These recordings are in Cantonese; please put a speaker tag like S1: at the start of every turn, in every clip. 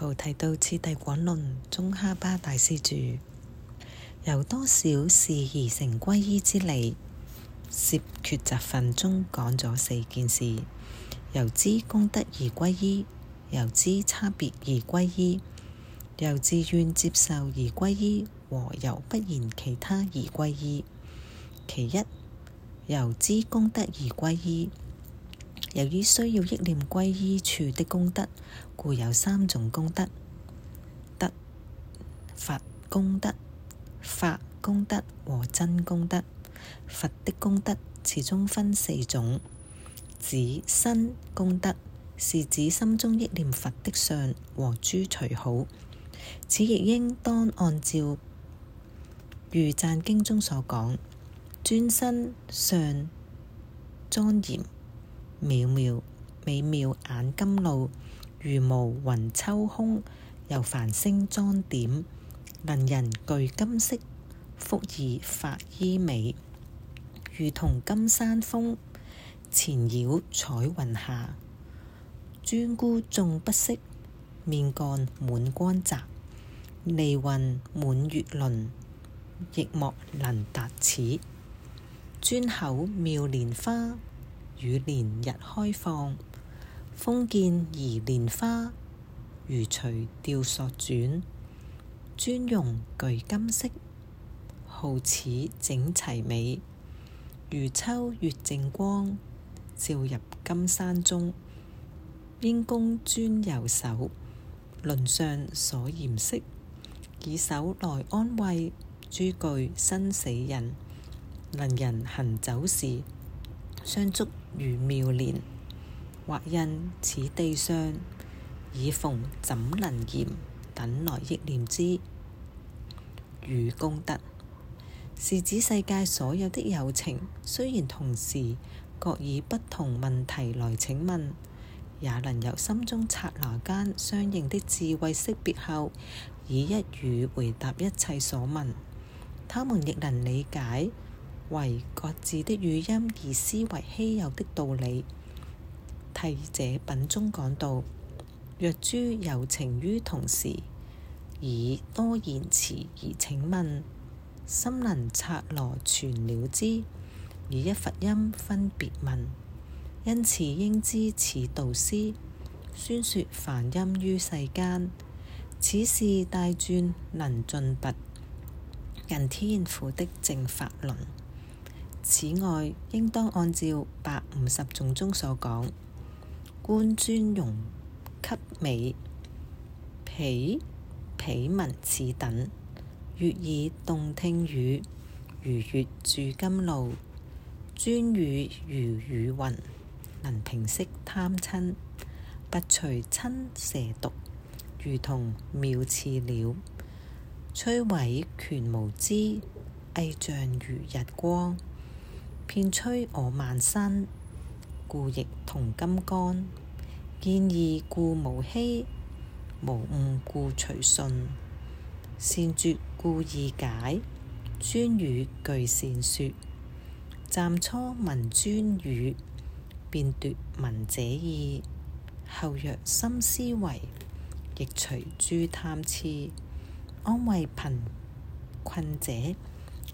S1: 菩提道次第廣論中哈巴大師住由多少事而成歸依之理，涉抉擇分中講咗四件事：由之功德而歸依，由之差別而歸依，由自願接受而歸依，和由不言其他而歸依。其一，由之功德而歸依。由於需要憶念歸依處的功德，故有三種功德：德、佛功德、法功德和真功德。佛的功德始終分四種，指身功德是指心中憶念佛的相和諸隨好。此亦應當按照《如讚經》中所講，尊身相、莊嚴。渺渺美妙眼金露如無雲秋空，又繁星裝點，能人具金色，福而法衣美，如同金山峰，纏繞彩雲霞。尊姑縱不識，面干滿光澤，利雲滿月輪，亦莫能達此。尊口妙蓮花。雨連日開放，風見疑蓮花，如垂釣索轉，尊容具金色，號此整齊美，如秋月靜光，照入金山中。因公尊右手，輪上所研色，以手來安慰諸具生死人，能人行走時。相觸如妙蓮，或印此地上以逢怎能言，等來憶念之如功德，是指世界所有的友情，雖然同時各以不同問題來請問，也能由心中剎那間相應的智慧識別後，以一語回答一切所問，他們亦能理解。為各自的語音而思維稀有的道理。提者品中講道：若諸有情於同時而多言詞，而請問心能拆羅全了之，而一佛音分別問，因此應知此導師宣説梵音於世間，此事大轉能盡拔人天父的正法論。此外，應當按照百五十種中所講，觀尊容給美，皮皮紋似等，悦耳動聽語，如月駐甘露，專語如雨雲，能平息貪瞋，不除親蛇毒，如同妙翅鳥，摧毀權無知，偽像如日光。片吹我萬身，故亦同金剛；見義故無欺，無誤故隨順。善絕故意解，專語具善說。暫初聞尊語，便奪聞者意；後若深思維，亦隨諸貪癡。安慰貧困者，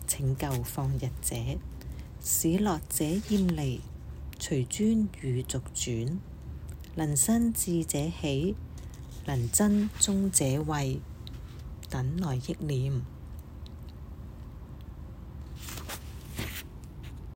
S1: 請救放逸者。使樂者厭離，隨尊如逐轉。能生智者喜，能增宗者畏，等來憶念。